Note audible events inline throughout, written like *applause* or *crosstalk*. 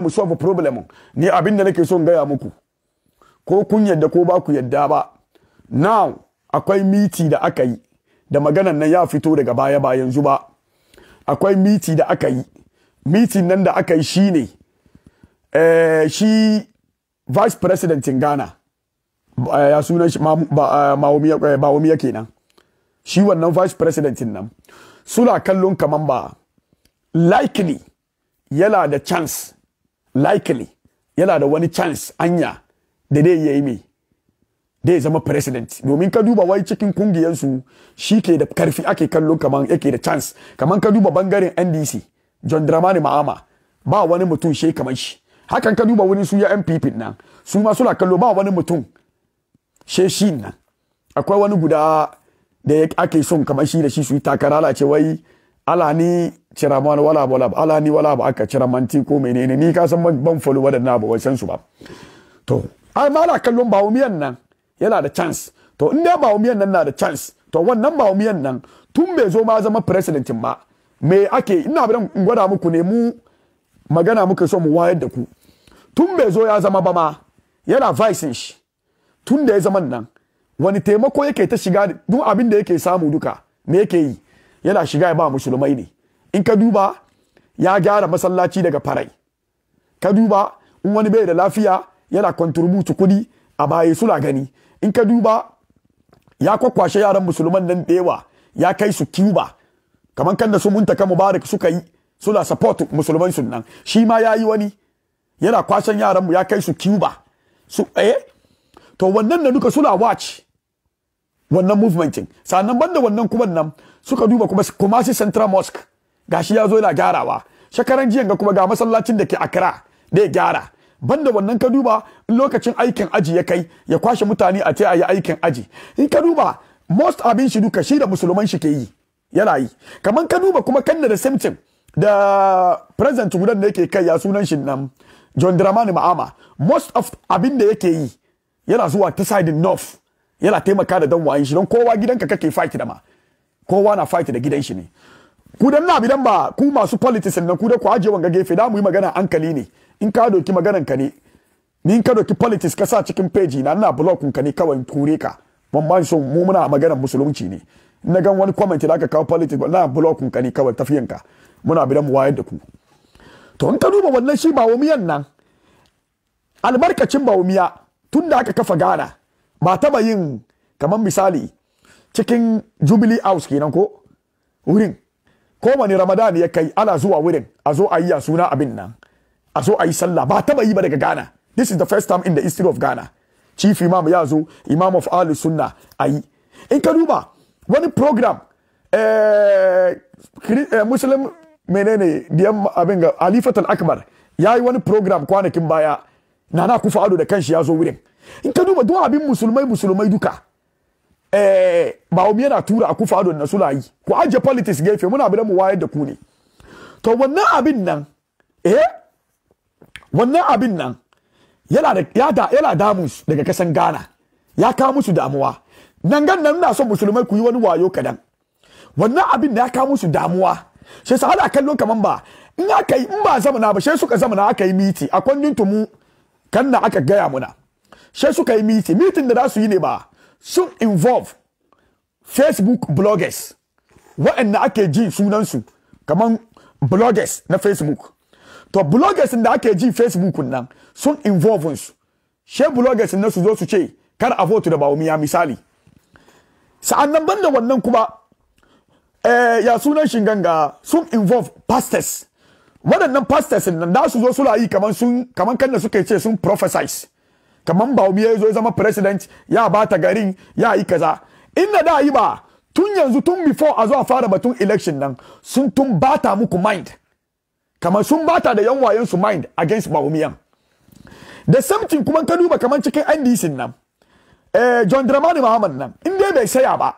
mu solve problem ni abin da nake son gaya muku ko kun yadda ko ba ku yadda ba now akwai miti da aka yi da maganan nan ya fito daga baya ba yanzu ba akwai miti da aka yi mitin nan da aka yi shine eh, shi vice president in Ghana eh, ya sunan shi eh, yake eh, kenan shi wannan vice president nan suna kallon kaman ba likely yana da chance likely yana da wani chance anya da dai yayi mai da ya zama president domin ka duba wai cikin kungiyarsu shi ke da karfi ake kallo kaman yake da chance kaman ka duba bangaren ndc john dramani ma'ama ba wani mutum shi kamar shi hakan ka duba wani su ya npp nan su ma suna kallo ba wani mutum she shi nan akwai wani guda da ake son kamar shi da shi su yi takara ce wai ni. cira man wala wala ala ni wala ba aka cira manti ko menene ni ka san ban folo wadannan ba wai san su ba to ai mala kallon ba umiyan nan yana da chance to in dai ba umiyan nan na da chance to wannan ba umiyan nan tun bai zo ma zama president ba me ake ina bin in gwada muku ne mu magana muka so mu wayar da ku tun bai zo ya zama ba ma yana vice shi tun da ya zama nan wani taimako yake ta shiga duk abin da yake samu duka me yake yi yana shiga ya ba musulmai ne in ka duba ya gyara masallaci daga farai ka duba in wani bai da lafiya yana kontributu kudi a baya suna gani in ka duba ya kwakwashe yaran musulman nan dewa ya kai su cuba kamar kan da su muntaka mubarak suka yi suna support musulman sun nan shi ma ya yi wani yana kwasan yaran mu ya kai su cuba su eh to wannan da duka suna watch wannan movementin sannan banda wannan kuma nan suka duba kuma kuma central mosque gashi ya zo yana gyarawa shekaran jiyan ga kuma ga masallacin da ke Accra da ya gyara banda wannan ka duba in lokacin aikin aji ya kai ya kwashe mutane a a yi aikin aji in ka duba most abin shi duka shi da musulman shi ke yi yana yi kamar ka duba kuma kanna da symptom da president gudan da yake kai ya sunan shi nan John Dramani Ma'ama most of abin da yake yi yana zuwa ta side north yana taimaka da dan wayin shi don kowa gidanka kake fight da ma kowa na fight da gidan shi ne ku dan na bidan ba ku masu politics ne ku da ku aje wanga gefe da mu yi magana hankali ne in ka doki maganan ka ne ni in ka doki politics ka sa cikin page na ina block ka ne kawai kure ka ban ban so mu muna maganar musulunci ne na gan wani comment da aka kawo politics na block ka ne kawai tafiyan ka muna bidan mu wayar da ku to in ka duba wannan shi ba wumiyan nan albarkacin ba wumiya tun da aka kafa gara ba taba yin kamar misali cikin Jubilee House kenan ko wurin Ko wani ramadan ya kai ana zuwa wurin a zo a yi ya suna abin nan a zo a yi sallah ba taba yi ba daga ghana this is the first time in the history of ghana chief imam ya zo imam of ali sunna a yi in ka duba wani program eh, eh muslim menene diyan abin ga alifatul akbar ya yi wani program kwanakin baya na na kufa ado da kanshi ya zo wurin in ka duba duk abin musulmai musulmai duka eh ba mi yana tura a kufa na sula yi ku aje politics gefe muna bi mu wayar da ku ne to wannan abin nan eh wannan abin nan yana da ya da yana daga kasan Ghana ya kawo musu damuwa nan gan nan na son musulmai ku yi wani wayo kadan wannan abin da ya kawo musu damuwa sai su hada kallo kaman ba in aka yi in ba zamana ba sai suka zamana aka yi miti a kwandin tumu kan na aka gaya muna sai suka yi miti mitin da za su yi ne ba sun involve facebook bloggers waɗanda ake ji sunansu kamar bloggers na facebook to bloggers da ake ji facebook nan sun involve su she bloggers na su zo su ce kar a vote da bawumiya misali sa'annan banda wannan kuma eh, ya sunan shinganga sun involve pastors waɗannan pastors nan da su zo su layi kamar sun kamar kan da suke ce sun prophesize Kaman ba ya zo zama president ya ba ta garin ya yi kaza in na da yi ba tun yanzu tun before a zo a fara batun election nan sun tun bata muku mind kamar sun bata da yan wayen su mind against baumiyan da samtin kuma ka duba kamar cikin NDC nan eh John Dramani Muhammad nan in dai bai saya ba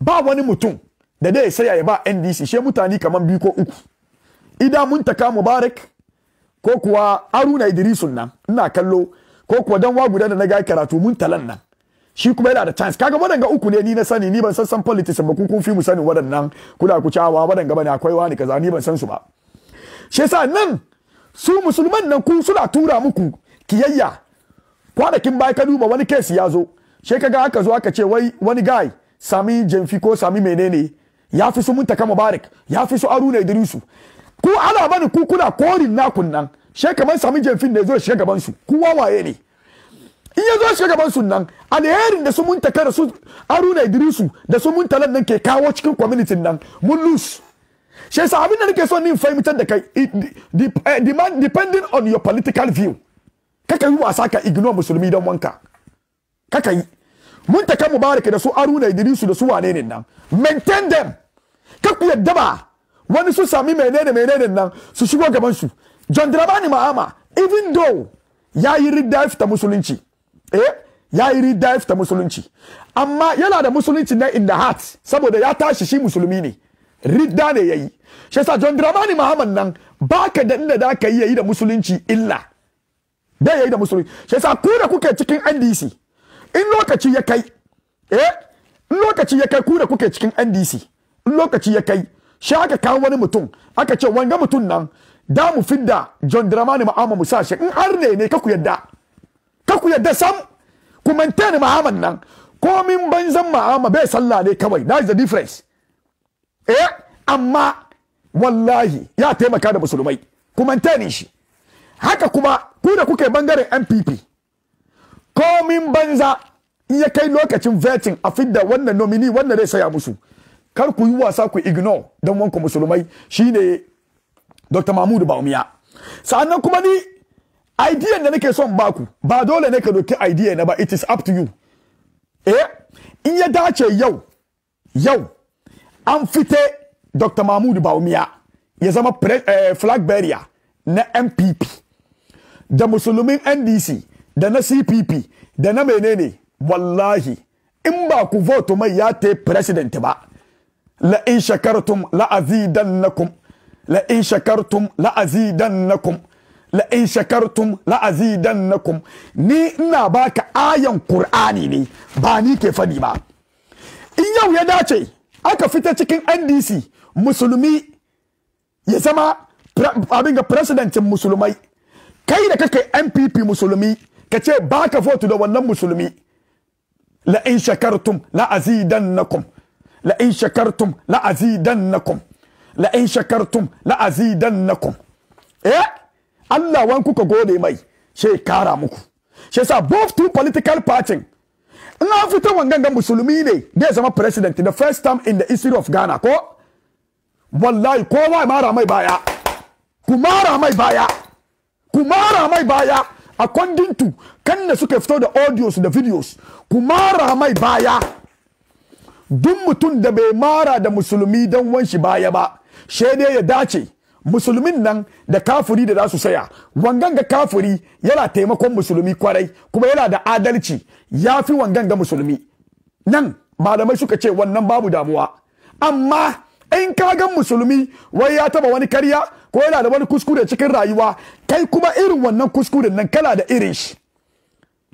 ba wani mutum da dai saya ya ba NDC she mutane kaman biyu ko uku ida mun taka Mubarak ko kuwa aruna Idrisun nan ina kallo ko kuwa dan wa guda da na ga karatu mun talan nan shi kuma yana da chance kaga waɗanga uku ne ni na sani ni ban san san politics ba ku kun fi mu sani waɗannan kula ku cewa waɗanga bane akwai wani kaza ni ban san su ba shi yasa nan su musulman nan ku suna tura muku kiyayya kwanakin baya ka duba wani case ya zo shi kaga aka zo aka ce wai wani guy sami jamfi ko sami menene ya fi su mun taka mubarak ya fi su aruna idrisu ku ana bani ku kuna korin nakun nan she kamar sami jefin ne zo shiga gaban su kowa waye ne in ya zo shiga gaban nan alherin da su mun taka da su aruna idrisu da su mun talan nan ke kawo cikin community nan mun lose shi yasa abin da nake so ni fahimtar da kai eh, depending on your political view kaka yi wasa ka ignore musulmi don wanka kaka yi mun taka mubarak da su aruna idrisu da su wane ne nan maintain them ka yadda wani su sami menene menene nan su shigo gaban John Dramani Mahama even though ya yi ridda fita musulunci eh ya yi ridda fita musulunci amma yana da musulunci na in the heart saboda ya tashi shi musulmi ne ridda ne yayi shi yasa John Dramani Mahama nan baka da inda da ka yi yayi da musulunci illa da yayi da musulunci shi yasa ku da kuke cikin NDC in lokaci ya kai eh in lokaci ya kai ku da kuke cikin NDC in lokaci ya kai shi aka kawo wani mutum aka ce wanga mutum nan da mu fidda John Dramani Mahama mu sashe in har ne ne kaku yadda kaku yadda sam ku maintain Mahaman nan komin banzan ma'ama bai sallah ne kawai that is the difference eh amma wallahi ya taimaka da musulmai ku maintain shi haka kuma ku da kuke bangaren NPP. komin banza in ya kai lokacin vetting a fidda wannan nomini wannan zai saya musu kar ku yi wasa ku ignore dan wanku musulmai shine Dr. Mahmudu Baumiya. Sa'annan kuma ni idea da nake son baku ba dole ne ka doki idea na ba it is up to you. Eh in ya dace yau yau an fite Dr. Mahmudu Baumiya ya zama eh, flag bearer na MPP da musulmin NDC da na CPP da na menene wallahi in ba ku vote mai ya te president ba la in shakartum la azidannakum la in shakartum la azidannakum la in shakartum la azidannakum ni ina baka ayan qur'ani ne ba ni ke fadi ba in yau ya dace aka fita cikin NDC musulmi ya zama abin ga musulmai kai da kake npp musulmi ka ce baka vote da wannan musulmi la in shakartum la azidannakum la in shakartum la azidannakum la in shakartum la azidannakum eh Allah wan kuka gode mai shekara muku she sa both two political party in an fita wangan musulmi ne da zama president the first time in the history of Ghana ko wallahi kowa mara mai baya ku mara mai baya ku mara mai baya according to kan da suka fito da audios da videos ku mara mai baya duk mutum da bai mara da musulmi dan wanshi baya ba ne ya dace musulmin nan da kafuri da za su saya wangan ga kafuri yana taimakon musulmi kwarai kuma yana da adalci ya fi wangan ga musulmi nan malamai suka ce wannan babu damuwa amma in ka gan musulmi wai ya taba wani karya ko yana da wani kuskure cikin rayuwa kai kuma irin wannan kuskuren nan kala da irin shi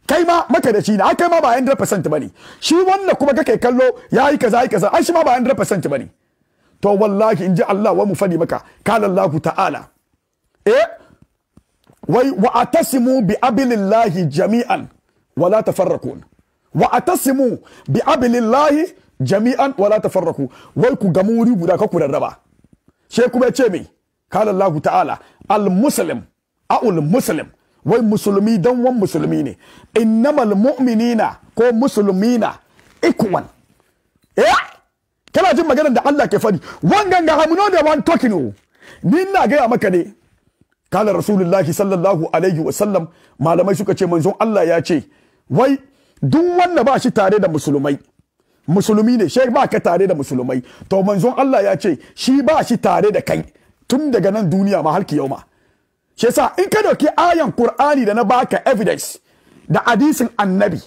kai ma maka da shi na kai ma ba 100% bane shi wannan kuma kake kallo yayi kaza yayi kaza ai shi ma ba 100% bane to wallahi in ji Allah wa mu fadi maka kala Allah ta'ala eh wai wa atasimu bi abilillahi jami'an wala tafarraqun wa atasimu bi abilillahi jami'an wala tafarraqu wai ku gamu wuri guda ka ku rarraba she kuma ce me kala Allah ta'ala al muslim aul muslim wai musulmi dan wan musulmi ne innamal mu'minina ko musulmina ikwan eh kana jin maganar da Allah ke fadi wangan ga hamuno da wan talking o ni ina gaya maka ne kala rasulullahi sallallahu alaihi wa sallam malamai suka ce manzon Allah ya ce wai duk wanda ba shi tare da musulmai musulmi ne shi ba ka tare da musulmai to manzon Allah ya ce shi ba shi tare da kai tun daga nan duniya ma har kiyauma shi yasa in ka dauki ayan Qur'ani da na baka evidence da hadisin annabi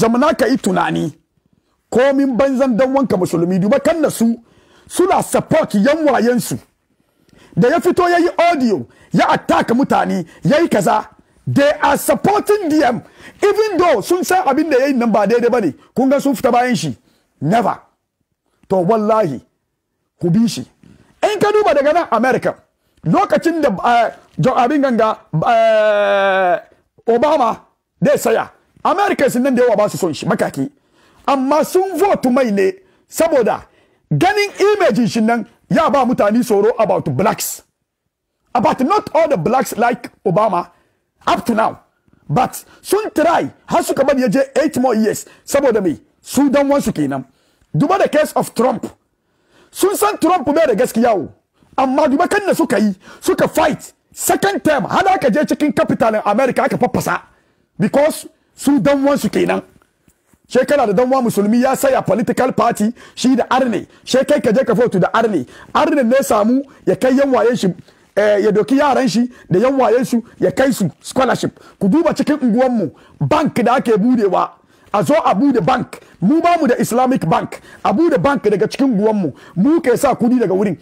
zamana ka yi tunani komin banzan dan wanka musulmi duba kan da su suna support yan wayensu da ya fito yayi audio ya attack mutane yayi kaza they are supporting them even though sun san abin da yayin nan ba daidai bane kun ga sun fita bayan shi never to wallahi ku bi shi in ka duba daga nan america lokacin da uh, abin ganga uh, obama dai saya america sun nan da yawa ba su son shi makaki amma sun vote mai ne saboda ganin imejin shi nan ya ba mutane tsoro about blacks about not all the blacks like obama up to now but sun try har suka bari je 8 more years saboda mai su dan wansu kenan duba the case of trump sun san trump bai da gaskiya wo amma duba kan da suka yi suka fight second term har aka je cikin capital america aka faffasa because su dan wansu kenan shekara da danwa musulmi ya saya political party shi da arne shekai ka je ka foto da arne arne ne samu ya kai yan waye shi eh, ya doki yaran shi da yan waye su ya kai su scholarship ku duba cikin unguwan mu bank da ake budewa a zo a bude bank mu ba mu da islamic bank a bude bank daga cikin unguwan mu mu ke sa kudi daga wurin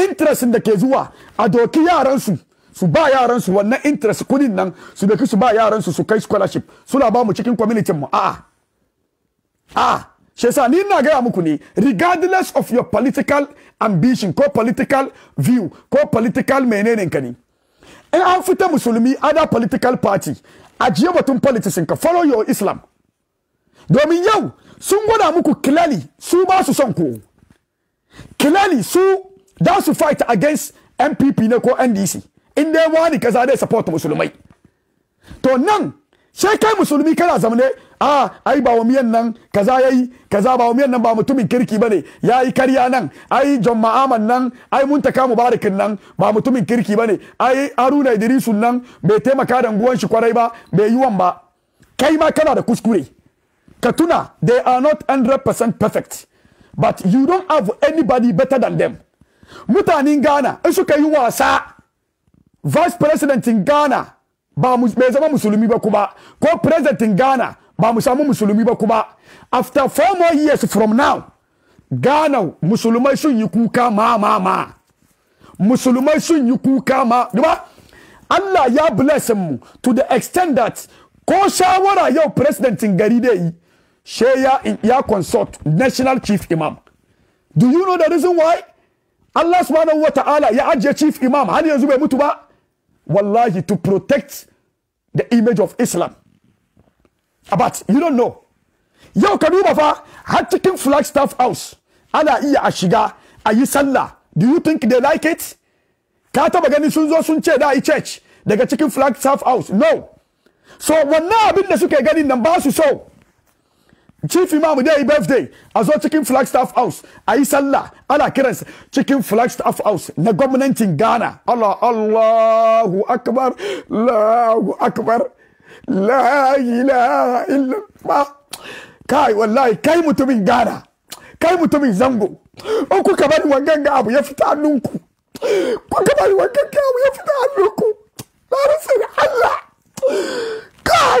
interest da ke zuwa a doki yaran su su ba yaran su wannan interest kudin nan su doki su ba yaran su su kai scholarship suna ba mu cikin community mu a'a ah she said, ni ina gaya muku regardless of your political ambition ko political view ko political menene ka in an fita musulmi other political party ajiye batun politics ka follow your islam domin yau sun gwada muku clearly su ba su son ku clearly su da su fight against npp ne ko ndc in dai wani kaza dai support musulmai to nan sai kai musulmi kana ne a ai ba miyan nan kaza yayi kaza ba miyan nan ba mutumin kirki bane yayi karya nan ai John Ma'aman nan ai taka Mubarakin nan ba mutumin kirki bane ai Haruna Idrisun nan bai taimaka da guwan shi kwarai ba bai wan ba kai ma kana da kuskure ka tuna they are not 100% perfect but you don't have anybody better than them mutanen Ghana in suka yi wasa vice president in Ghana ba bai zama musulmi ba kuma ko president in Ghana ba mu samu musulmi ba kuma after four more years from now Ghana musulmai sun yi kuka ma ma ma musulmai sun yi kuka ma ba Allah ya bless mu to the extent that ko shawara yau presidentin gari da yi she ya ya consult national chief imam do you know the reason why Allah subhanahu wa ta'ala ya ajiye chief imam har yanzu bai mutu ba wallahi to protect the image of Islam. but you don't know. Yau ka duba fa har cikin Flagstaff House ana iya a shiga a yi sallah. Do you think they like it? Ka taba gani sun zo sun ce da yi church daga cikin Flagstaff House. No. So wannan abin da suke ganin nan ba su so. chief imam dai birthday a zo cikin flagstaff house a yi sallah chicken kiransa flagstaff house na gwamnatin ghana allah allahu akbar allahu akbar la ilaha ma kai wallahi kai mutumin ghana kai mutumin zango in oh, kuka bari wangan ga abu ya fita hannunku kuka bari wangan ga abu ya fita hannunku na rasu allah kai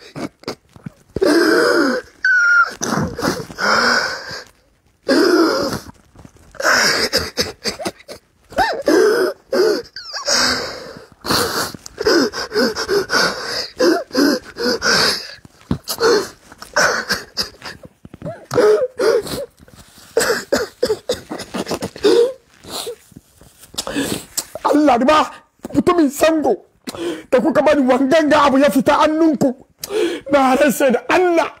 larima mutumin sango da kuka bani wanganga abu ya fita annunku na rasa da Allah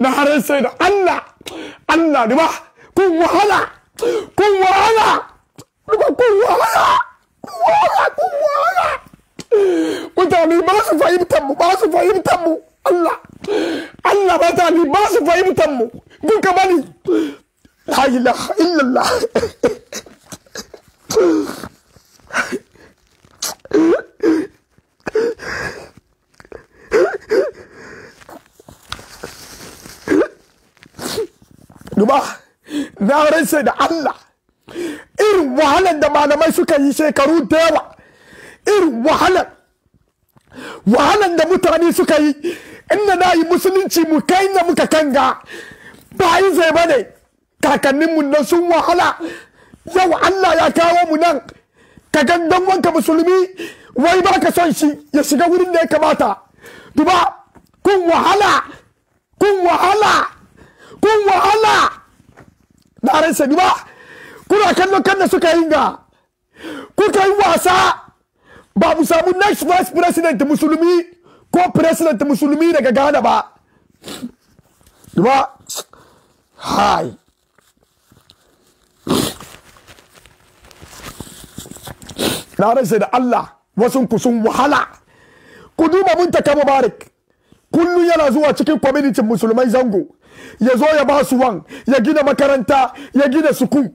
na rasa da Allah Allah riba kun wahala kun wahala riba kun wahala kun wahala kun wahala mutane ba su fahimtar mu ba su fahimtar mu Allah Allah ba ta ni ba su fahimtar mu kun ka bani la ilaha illallah *laughs* na da Allah irin wahalan da malamai suka yi shekaru da yawa irin wahalan wahalan da mutane suka yi inda na yi musulunci mu kai na muka kanga bayan zai bane kakanninmu nan sun wahala yau Allah ya kawo mu nan ka gangan wanka musulmi wai ba ka son shi ya shiga wurin da ya kamata duba kun wahala kun wahala kun wahala da ba kuna kallon kan da suka yi ga kuka yi wasa ba mu samu next vice president musulmi ko president musulmi daga Ghana ba ba hai da Allah wasu ku sun wahala ku duba mun taka mubarak kullum yana zuwa cikin kwamitin musulmai zango ya zo ya ba su wan ya gina makaranta ya gina suku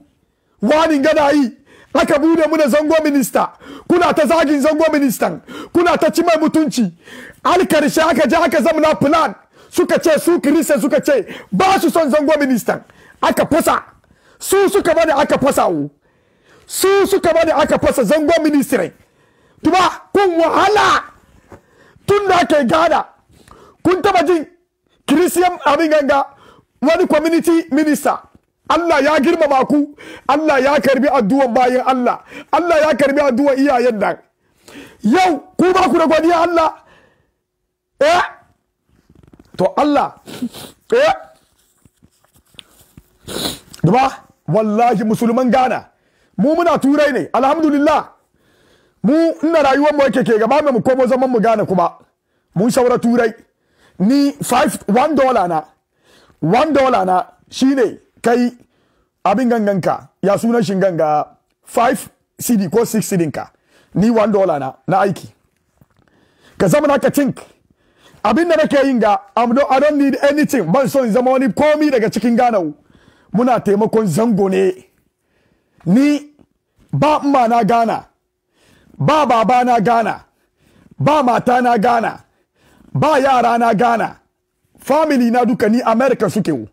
wani gada yi aka bude mu da zango minista kuna ta zagin zango ministan kuna ta ci mai mutunci al aka je aka na plan suka ce su kirista suka ce ba su son zango ministan aka fasa su suka bada aka fasa wu su suka bada aka fasa zango ministry tuba kun wahala tun da ke gada kun taba jin kirisiyan abin ganga wani community minister Allah ya girmama ku Allah ya karbi addu'an bayan Allah Allah ya karbi addu'an iyayen nan yau ku ba ku da godiya Allah eh to Allah eh duba wallahi musulman gana mu muna turai ne alhamdulillah mu ina rayuwar mu yake ke gaba mu komo zaman mu gana kuma mun saura turai ni 5 1 dollar na 1 dollar na shine kai abin ganganka ya suna shin ganga 5 cd ko 6 cd ka ni 1 dollar na na aiki ka zama na ka think abin da nake yin ga I don't need anything ban so in zama wani komi daga cikin gana muna taimakon zango ne ni ba ma na gana ba baba na gana ba mata na gana ba yara na gana. family na duka ni america suke wo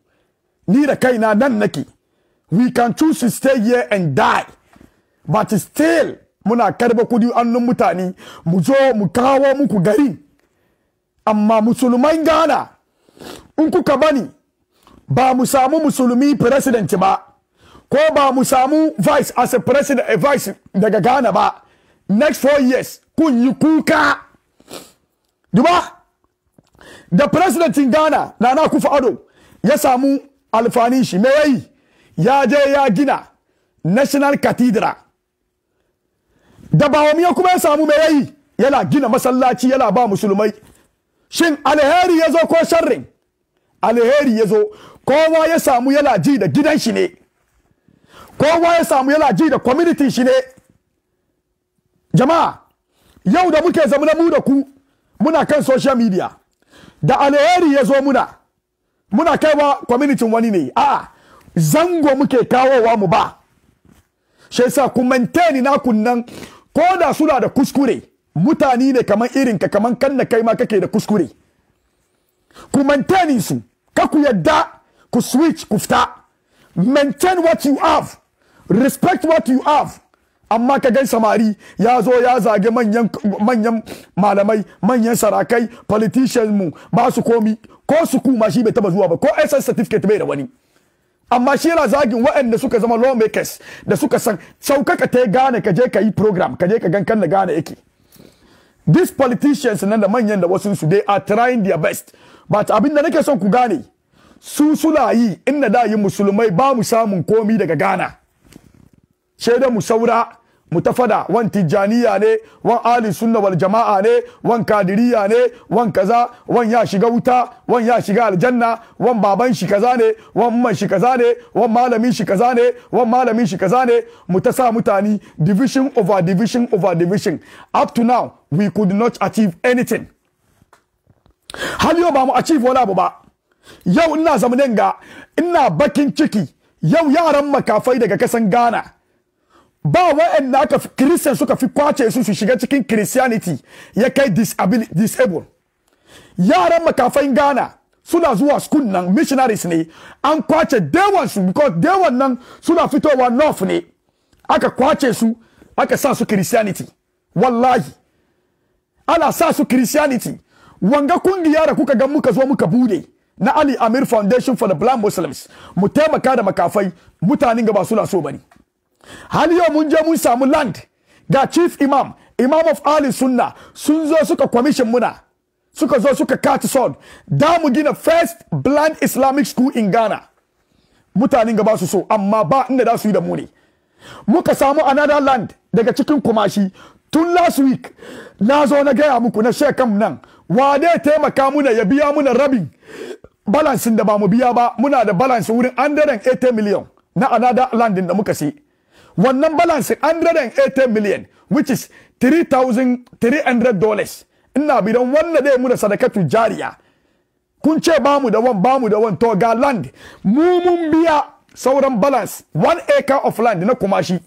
ni da na nan nake we can choose to stay here and die but still muna karba kudi annun mutane mu zo mu kawo muku gari amma musulman Ghana. in kuka bani ba mu samu musulmi president ba ko ba mu samu vice as a president a eh, vice daga ghana ba next four years kun yi kuka duba da presidentin ghana nana kufa ado ya samu alfanin shi me yayi ya je ya gina national cathedral da bawamiya kuma ya samu me yayi yana gina masallaci yana ba musulmai shin alheri ya zo ko sharrin alheri ya zo kowa ya samu yana ji da gidan shi ne kowa ya samu yana ji da community shi ne jama'a yau da muke zama mu da ku muna kan social media da alheri ya zo muna muna kaiwa kwamitin wani ne a zango muke kawowa mu ba shi yasa ku maintain na kunnan ko da suna da kuskure mutane ne kaman irin ka kaman kanna kai ma kake da kuskure ku maintain su ka ku yadda ku switch ku fita maintain what you have respect what you have amma ka gan samari ya zo ya zage manyan malamai manyan sarakai politicians mu ba su komi ko su kuma shi bai taba zuwa ba ko SS certificate bai da wani amma shi yana zagin waɗanda suka zama lawmakers da suka san saukaka ta gane ka je ka yi program ka je ka gan kan da gane yake these politicians nan da manyan da wasu su they are trying their best but abin da nake son ku gane su suna yi inda da yi musulmai ba mu samun komi daga Ghana shaidan mu saura mu ta fada wan tijjaniya ne wan ali sunna wal jama'a ne wan kadiriya ne wan kaza wan ya shiga wuta wan ya shiga aljanna wan baban shi kaza ne wan umman shi kaza ne wan malamin shi kaza ne wan malamin shi kaza ne mu ta sa mutane division over division over division up to now we could not achieve anything har yau ba mu achieve wani abu ba yau ina zamanin ga ina bakin ciki yau yaran makafai daga kasan Ghana ba na aka christian suka fi kwace su su shiga cikin christianity ya kai disable yaran makafai ghana suna zuwa school nan missionaries ne an kwace dewan su because dewan nan suna fitowa north ne aka kwace su aka sa su christianity wallahi ana sa su christianity wanga kungiya da kuka ga muka zo muka bude na ali amir foundation for the blind muslims mu taimaka da makafai mutanen gaba suna so bane har yau mun je mun samu land ga chief imam imam of ali sunna sun zo suka commission muna suka zo suka kati son da mu gina first blind islamic school in ghana mutanen gaba su so amma ba inda da su yi da mu ne muka samu another land daga cikin kumashi tun last week na zo na gaya muku na shekam nan wa taimaka muna ya biya muna rabin balansin da ba mu biya ba muna da balansin wurin 180 million na another landin da muka sai wannan balance 180 million which is 3,300 dollars ina bidan wannan zai mu da sadakatu jariya kun ce ba mu da wan ba mu da wan to ga land mu mun biya sauran balance one acre of land na kumashi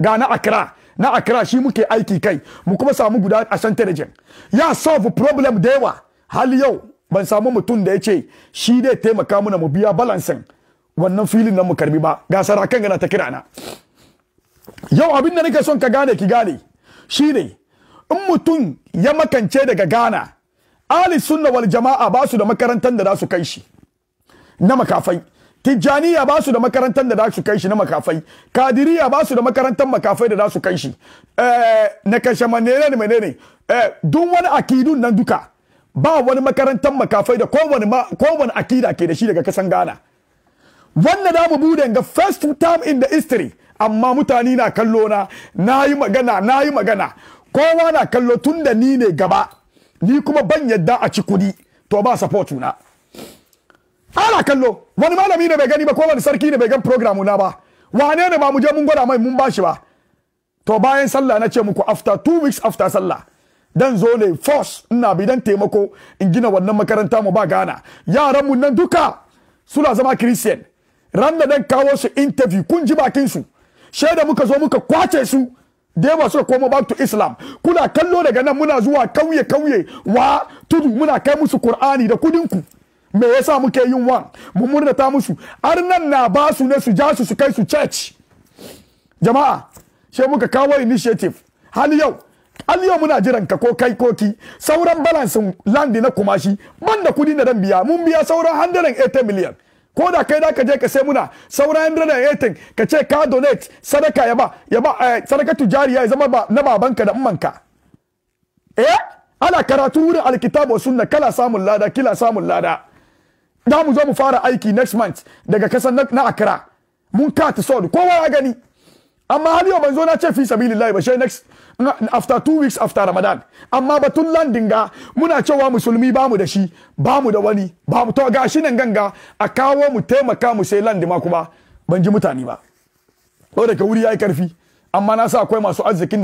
ga na akra na akra shi muke aiki kai mu kuma samu guda a santarajin ya solve problem da yawa hal yau ban samu mutum da ya ce shi dai taimaka mana mu biya balancin wannan filin nan mu karbi ba ga sarakan gana ta kirana yau abin da nake son ka gane ki gane Shi ne, in mutum ya makance daga Ghana Ali sunna wal jama'a ba su da makarantar da za su kai shi na makafai Tijjaniya ba su da makarantar da za su kai shi na makafai. Kadiriya ba su da makarantar makafai da za su kai shi. Eh, na kashe manene ne manene eh, Duk wani akidun nan duka ba wani makarantar makafai da kowane akida ke da shi daga kasan Ghana. Wannan da mu bude ga first time in the history amma mutane na kallo na na yi magana na yi magana kowa na kallo tun da ni ne gaba ni kuma ban yadda a ci kudi to ba support na ana kallo wani malami ne bai gani ba ko wani sarki ne bai gan program na ba wane ne ba mu je mun gwada mai mun bashi ba to bayan sallah na ce muku after two weeks after sallah dan zo ne force ina bi dan taimako in gina wannan makaranta mu ba gana yaran mu nan duka suna zama christian ran da dan kawo su interview kun ji bakin su shaida muka zo muka kwace su da yawa suka koma back to islam kuna kallo daga nan muna zuwa kauye kauye wa tudu muna kai musu Kur'ani da kudin ku me yasa muke yin wa? mu murnata musu nan na ba su ne su ja su su kai su church jama'a sai muka kawo initiative har yau har yau muna jiran ka ko kai ko ki sauran balance land na kumashi banda kudi da dan biya mun biya sauran 180 million ko da kai da ka je ka sai muna saura 180 ka ce ka donate sadaka ya ba ya ba eh, sadaka tujariya ya zama na babanka da umanka eh ana karatu wurin alkitab wa sunna kala samun lada kila samun lada da mu zo mu fara aiki next month daga kasan na akra mun ka ta kowa ya gani amma hali yau ban zo na ce fi sabilillahi ba sai next after two weeks after Ramadan amma batun landin ga muna cewa musulmi ba mu da shi ba mu da wani bamu to gashi nan ganga a kawo mu taimaka mu sai landi ma kuma ban ji mutane ba ko daga wuri yayi karfi amma na sa akwai masu arzikin da